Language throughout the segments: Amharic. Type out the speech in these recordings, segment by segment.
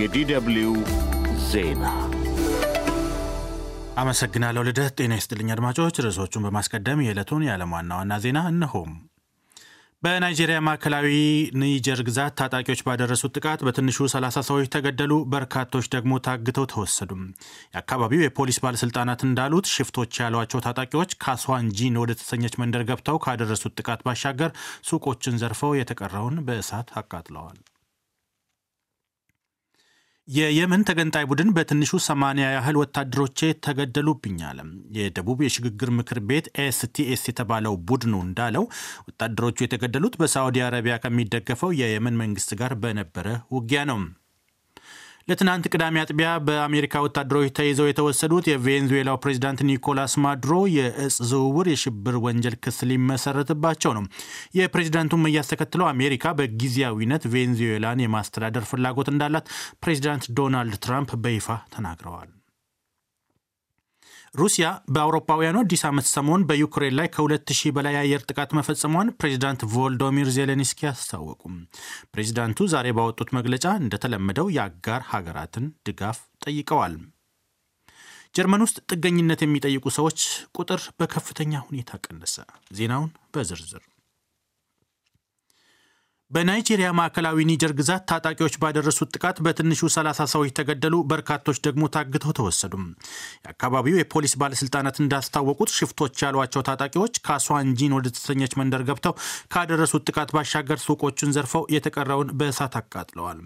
የዲደብልዩ ዜና አመሰግናለሁ ልደት። ጤና ይስጥልኝ አድማጮች። ርዕሶቹን በማስቀደም የዕለቱን የዓለም ዋና ዋና ዜና እነሆም። በናይጄሪያ ማዕከላዊ ኒጀር ግዛት ታጣቂዎች ባደረሱት ጥቃት በትንሹ 30 ሰዎች ተገደሉ፣ በርካቶች ደግሞ ታግተው ተወሰዱ። የአካባቢው የፖሊስ ባለሥልጣናት እንዳሉት ሽፍቶች ያሏቸው ታጣቂዎች ጂን ወደ ተሰኘች መንደር ገብተው ካደረሱት ጥቃት ባሻገር ሱቆችን ዘርፈው የተቀረውን በእሳት አቃጥለዋል። የየመን ተገንጣይ ቡድን በትንሹ 80 ያህል ወታደሮቼ ተገደሉብኝ አለ። የደቡብ የሽግግር ምክር ቤት ኤስቲኤስ የተባለው ቡድኑ እንዳለው ወታደሮቹ የተገደሉት በሳዑዲ አረቢያ ከሚደገፈው የየመን መንግስት ጋር በነበረ ውጊያ ነው። ለትናንት ቅዳሜ አጥቢያ በአሜሪካ ወታደሮች ተይዘው የተወሰዱት የቬንዙዌላው ፕሬዚዳንት ኒኮላስ ማዱሮ የእጽ ዝውውር የሽብር ወንጀል ክስ ሊመሰረትባቸው ነው። የፕሬዚዳንቱን መያዝ ተከትለው አሜሪካ በጊዜያዊነት ቬንዙዌላን የማስተዳደር ፍላጎት እንዳላት ፕሬዚዳንት ዶናልድ ትራምፕ በይፋ ተናግረዋል። ሩሲያ በአውሮፓውያኑ አዲስ ዓመት ሰሞን በዩክሬን ላይ ከ2000 በላይ የአየር ጥቃት መፈጸሟን ፕሬዚዳንት ቮልዶሚር ዜሌንስኪ አስታወቁም። ፕሬዚዳንቱ ዛሬ ባወጡት መግለጫ እንደተለመደው የአጋር ሀገራትን ድጋፍ ጠይቀዋል። ጀርመን ውስጥ ጥገኝነት የሚጠይቁ ሰዎች ቁጥር በከፍተኛ ሁኔታ ቀነሰ። ዜናውን በዝርዝር በናይጄሪያ ማዕከላዊ ኒጀር ግዛት ታጣቂዎች ባደረሱት ጥቃት በትንሹ 30 ሰዎች ተገደሉ፣ በርካቶች ደግሞ ታግተው ተወሰዱም። የአካባቢው የፖሊስ ባለስልጣናት እንዳስታወቁት ሽፍቶች ያሏቸው ታጣቂዎች ከአሷንጂን ወደ ተሰኘች መንደር ገብተው ካደረሱት ጥቃት ባሻገር ሱቆቹን ዘርፈው የተቀረውን በእሳት አቃጥለዋል።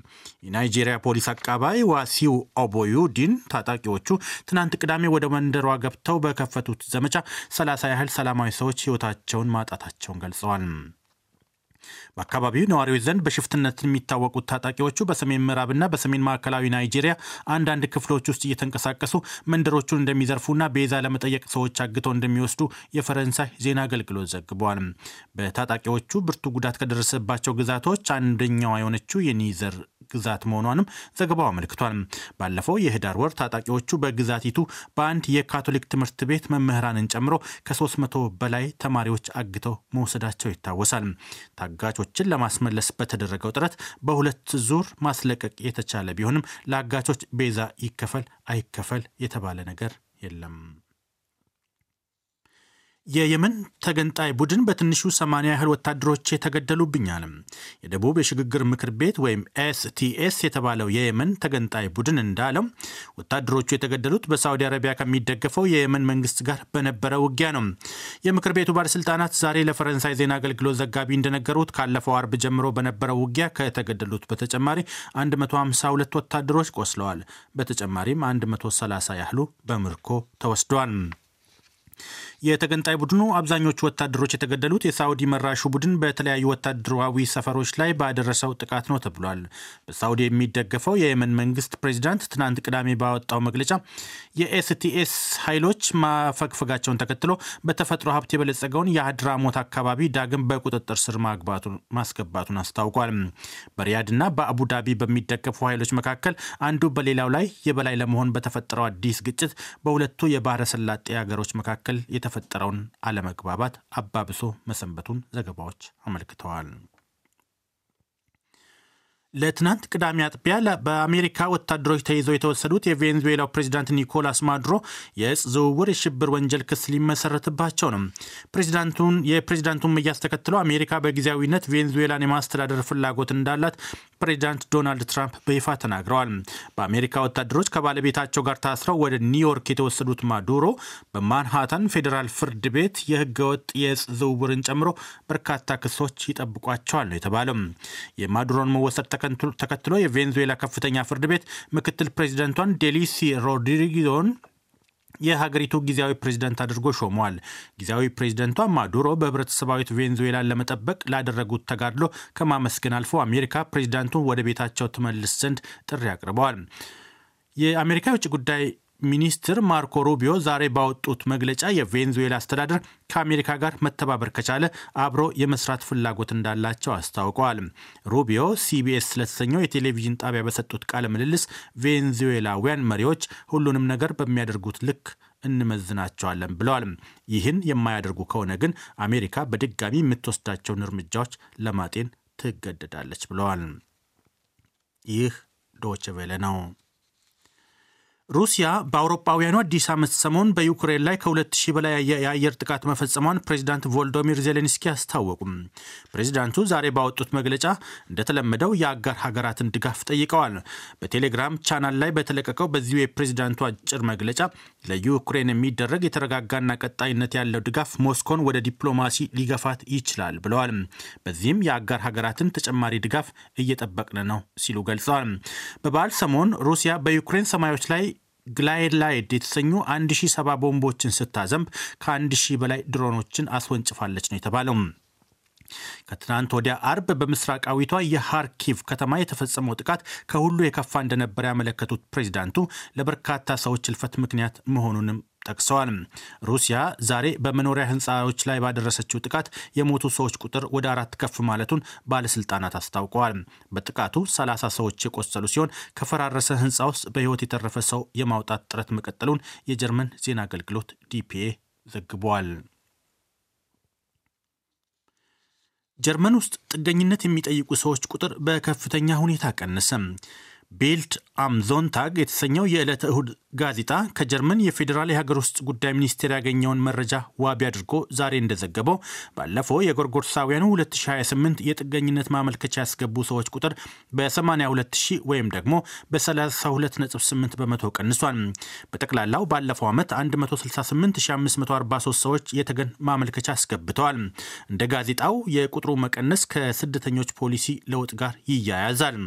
የናይጄሪያ ፖሊስ አቃባይ ዋሲው ኦቦዩዲን ታጣቂዎቹ ትናንት ቅዳሜ ወደ መንደሯ ገብተው በከፈቱት ዘመቻ 30 ያህል ሰላማዊ ሰዎች ህይወታቸውን ማጣታቸውን ገልጸዋል። በአካባቢው ነዋሪዎች ዘንድ በሽፍትነት የሚታወቁት ታጣቂዎቹ በሰሜን ምዕራብና በሰሜን ማዕከላዊ ናይጄሪያ አንዳንድ ክፍሎች ውስጥ እየተንቀሳቀሱ መንደሮቹን እንደሚዘርፉና ቤዛ ለመጠየቅ ሰዎች አግተው እንደሚወስዱ የፈረንሳይ ዜና አገልግሎት ዘግቧል። በታጣቂዎቹ ብርቱ ጉዳት ከደረሰባቸው ግዛቶች አንደኛዋ የሆነችው የኒዘር ግዛት መሆኗንም ዘገባው አመልክቷል። ባለፈው የህዳር ወር ታጣቂዎቹ በግዛቲቱ በአንድ የካቶሊክ ትምህርት ቤት መምህራንን ጨምሮ ከ300 በላይ ተማሪዎች አግተው መውሰዳቸው ይታወሳል። ታጋቾችን ለማስመለስ በተደረገው ጥረት በሁለት ዙር ማስለቀቅ የተቻለ ቢሆንም ለአጋቾች ቤዛ ይከፈል አይከፈል የተባለ ነገር የለም። የየመን ተገንጣይ ቡድን በትንሹ 80 ያህል ወታደሮች የተገደሉብኛል የደቡብ የሽግግር ምክር ቤት ወይም ኤስቲኤስ የተባለው የየመን ተገንጣይ ቡድን እንዳለው ወታደሮቹ የተገደሉት በሳዑዲ አረቢያ ከሚደገፈው የየመን መንግስት ጋር በነበረ ውጊያ ነው። የምክር ቤቱ ባለስልጣናት ዛሬ ለፈረንሳይ ዜና አገልግሎት ዘጋቢ እንደነገሩት ካለፈው አርብ ጀምሮ በነበረው ውጊያ ከተገደሉት በተጨማሪ 152 ወታደሮች ቆስለዋል። በተጨማሪም 130 ያህሉ በምርኮ ተወስደዋል። የተገንጣይ ቡድኑ አብዛኞቹ ወታደሮች የተገደሉት የሳውዲ መራሹ ቡድን በተለያዩ ወታደራዊ ሰፈሮች ላይ ባደረሰው ጥቃት ነው ተብሏል። በሳውዲ የሚደገፈው የየመን መንግስት ፕሬዚዳንት ትናንት ቅዳሜ ባወጣው መግለጫ የኤስቲኤስ ኃይሎች ማፈግፈጋቸውን ተከትሎ በተፈጥሮ ሀብት የበለጸገውን የአድራሞት አካባቢ ዳግም በቁጥጥር ስር ማስገባቱን አስታውቋል። በሪያድና በአቡዳቢ በሚደገፉ ኃይሎች መካከል አንዱ በሌላው ላይ የበላይ ለመሆን በተፈጠረው አዲስ ግጭት በሁለቱ የባህረ ሰላጤ ሀገሮች መካከል መካከል የተፈጠረውን አለመግባባት አባብሶ መሰንበቱን ዘገባዎች አመልክተዋል። ለትናንት ቅዳሜ አጥቢያ በአሜሪካ ወታደሮች ተይዘው የተወሰዱት የቬንዙዌላው ፕሬዚዳንት ኒኮላስ ማዱሮ የእጽ ዝውውር የሽብር ወንጀል ክስ ሊመሰረትባቸው ነው። ፕሬዚዳንቱን የፕሬዚዳንቱን መያዝ ተከትሎ አሜሪካ በጊዜያዊነት ቬንዙዌላን የማስተዳደር ፍላጎት እንዳላት ፕሬዚዳንት ዶናልድ ትራምፕ በይፋ ተናግረዋል። በአሜሪካ ወታደሮች ከባለቤታቸው ጋር ታስረው ወደ ኒውዮርክ የተወሰዱት ማዱሮ በማንሃታን ፌዴራል ፍርድ ቤት የህገወጥ የእጽ ዝውውርን ጨምሮ በርካታ ክሶች ይጠብቋቸዋል ነው የተባለው። የማዱሮን መወሰድ ተከትሎ የቬንዙዌላ ከፍተኛ ፍርድ ቤት ምክትል ፕሬዚደንቷን ዴሊሲ ሮድሪጊዞን የሀገሪቱ ጊዜያዊ ፕሬዝደንት አድርጎ ሾመዋል። ጊዜያዊ ፕሬዝደንቷ ማዱሮ በህብረተሰባዊት ቬንዙዌላን ለመጠበቅ ላደረጉት ተጋድሎ ከማመስገን አልፎ አሜሪካ ፕሬዝዳንቱን ወደ ቤታቸው ትመልስ ዘንድ ጥሪ አቅርበዋል። የአሜሪካ የውጭ ጉዳይ ሚኒስትር ማርኮ ሩቢዮ ዛሬ ባወጡት መግለጫ የቬንዙዌላ አስተዳደር ከአሜሪካ ጋር መተባበር ከቻለ አብሮ የመስራት ፍላጎት እንዳላቸው አስታውቀዋል። ሩቢዮ ሲቢኤስ ስለተሰኘው የቴሌቪዥን ጣቢያ በሰጡት ቃለ ምልልስ ቬንዙዌላውያን መሪዎች ሁሉንም ነገር በሚያደርጉት ልክ እንመዝናቸዋለን ብለዋል። ይህን የማያደርጉ ከሆነ ግን አሜሪካ በድጋሚ የምትወስዳቸውን እርምጃዎች ለማጤን ትገደዳለች ብለዋል። ይህ ዶችቬለ ነው። ሩሲያ በአውሮፓውያኑ አዲስ ዓመት ሰሞን በዩክሬን ላይ ከ2000 በላይ የአየር ጥቃት መፈጸሟን ፕሬዚዳንት ቮልዶሚር ዜሌንስኪ አስታወቁም። ፕሬዚዳንቱ ዛሬ ባወጡት መግለጫ እንደተለመደው የአጋር ሀገራትን ድጋፍ ጠይቀዋል። በቴሌግራም ቻናል ላይ በተለቀቀው በዚሁ የፕሬዚዳንቱ አጭር መግለጫ ለዩክሬን የሚደረግ የተረጋጋና ቀጣይነት ያለው ድጋፍ ሞስኮን ወደ ዲፕሎማሲ ሊገፋት ይችላል ብለዋል። በዚህም የአጋር ሀገራትን ተጨማሪ ድጋፍ እየጠበቅን ነው ሲሉ ገልጸዋል። በበዓል ሰሞን ሩሲያ በዩክሬን ሰማዮች ላይ ግላይድ ላይድ የተሰኙ 1070 ቦምቦችን ስታዘንብ ከ1000 በላይ ድሮኖችን አስወንጭፋለች ነው የተባለው። ከትናንት ወዲያ አርብ በምስራቃዊቷ የሃርኪቭ ከተማ የተፈጸመው ጥቃት ከሁሉ የከፋ እንደነበረ ያመለከቱት ፕሬዚዳንቱ ለበርካታ ሰዎች እልፈት ምክንያት መሆኑንም ጠቅሰዋል። ሩሲያ ዛሬ በመኖሪያ ህንፃዎች ላይ ባደረሰችው ጥቃት የሞቱ ሰዎች ቁጥር ወደ አራት ከፍ ማለቱን ባለስልጣናት አስታውቀዋል። በጥቃቱ 30 ሰዎች የቆሰሉ ሲሆን ከፈራረሰ ህንፃ ውስጥ በህይወት የተረፈ ሰው የማውጣት ጥረት መቀጠሉን የጀርመን ዜና አገልግሎት ዲፒኤ ዘግቧል። ጀርመን ውስጥ ጥገኝነት የሚጠይቁ ሰዎች ቁጥር በከፍተኛ ሁኔታ ቀነሰም ቤልት አምዞንታግ የተሰኘው የዕለተ እሁድ ጋዜጣ ከጀርመን የፌዴራል የሀገር ውስጥ ጉዳይ ሚኒስቴር ያገኘውን መረጃ ዋቢ አድርጎ ዛሬ እንደዘገበው ባለፈው የጎርጎርሳውያኑ 2028 የጥገኝነት ማመልከቻ ያስገቡ ሰዎች ቁጥር በ82000 ወይም ደግሞ በ328 በመቶ ቀንሷል። በጠቅላላው ባለፈው ዓመት 168543 ሰዎች የተገን ማመልከቻ አስገብተዋል። እንደ ጋዜጣው የቁጥሩ መቀነስ ከስደተኞች ፖሊሲ ለውጥ ጋር ይያያዛል።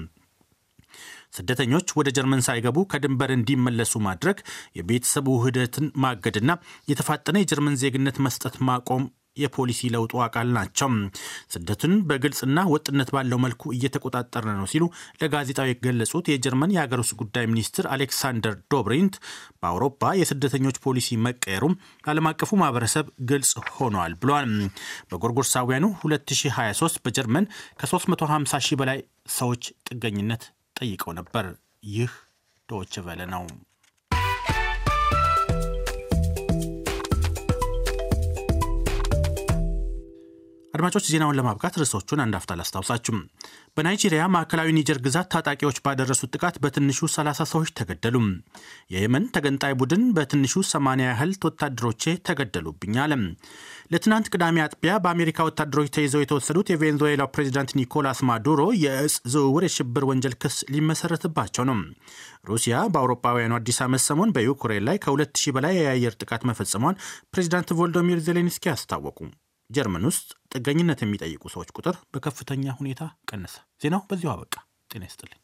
ስደተኞች ወደ ጀርመን ሳይገቡ ከድንበር እንዲመለሱ ማድረግ፣ የቤተሰብ ውህደትን ማገድና የተፋጠነ የጀርመን ዜግነት መስጠት ማቆም የፖሊሲ ለውጡ አካል ናቸው። ስደትን በግልጽና ወጥነት ባለው መልኩ እየተቆጣጠረ ነው ሲሉ ለጋዜጣው የገለጹት የጀርመን የሀገር ውስጥ ጉዳይ ሚኒስትር አሌክሳንደር ዶብሪንት በአውሮፓ የስደተኞች ፖሊሲ መቀየሩም ዓለም አቀፉ ማህበረሰብ ግልጽ ሆኗል ብሏል። በጎርጎርሳውያኑ 2023 በጀርመን ከ350 ሺህ በላይ ሰዎች ጥገኝነት ጠይቀው ነበር። ይህ ዶችቨለ ነው። አድማጮች ዜናውን ለማብቃት ርዕሶቹን አንዳፍታ አላስታውሳችሁም። በናይጄሪያ ማዕከላዊ ኒጀር ግዛት ታጣቂዎች ባደረሱት ጥቃት በትንሹ 30 ሰዎች ተገደሉ። የየመን ተገንጣይ ቡድን በትንሹ 80 ያህል ወታደሮቼ ተገደሉብኝ አለ። ለትናንት ቅዳሜ አጥቢያ በአሜሪካ ወታደሮች ተይዘው የተወሰዱት የቬንዙዌላው ፕሬዚዳንት ኒኮላስ ማዱሮ የእጽ ዝውውር የሽብር ወንጀል ክስ ሊመሰረትባቸው ነው። ሩሲያ በአውሮፓውያኑ አዲስ ዓመት ሰሞን በዩክሬን ላይ ከ2000 በላይ የአየር ጥቃት መፈጸሟን ፕሬዚዳንት ቮልዶሚር ዜሌንስኪ አስታወቁ። ጀርመን ውስጥ ጥገኝነት የሚጠይቁ ሰዎች ቁጥር በከፍተኛ ሁኔታ ቀነሰ። ዜናው በዚሁ አበቃ። ጤና ይስጥልኝ።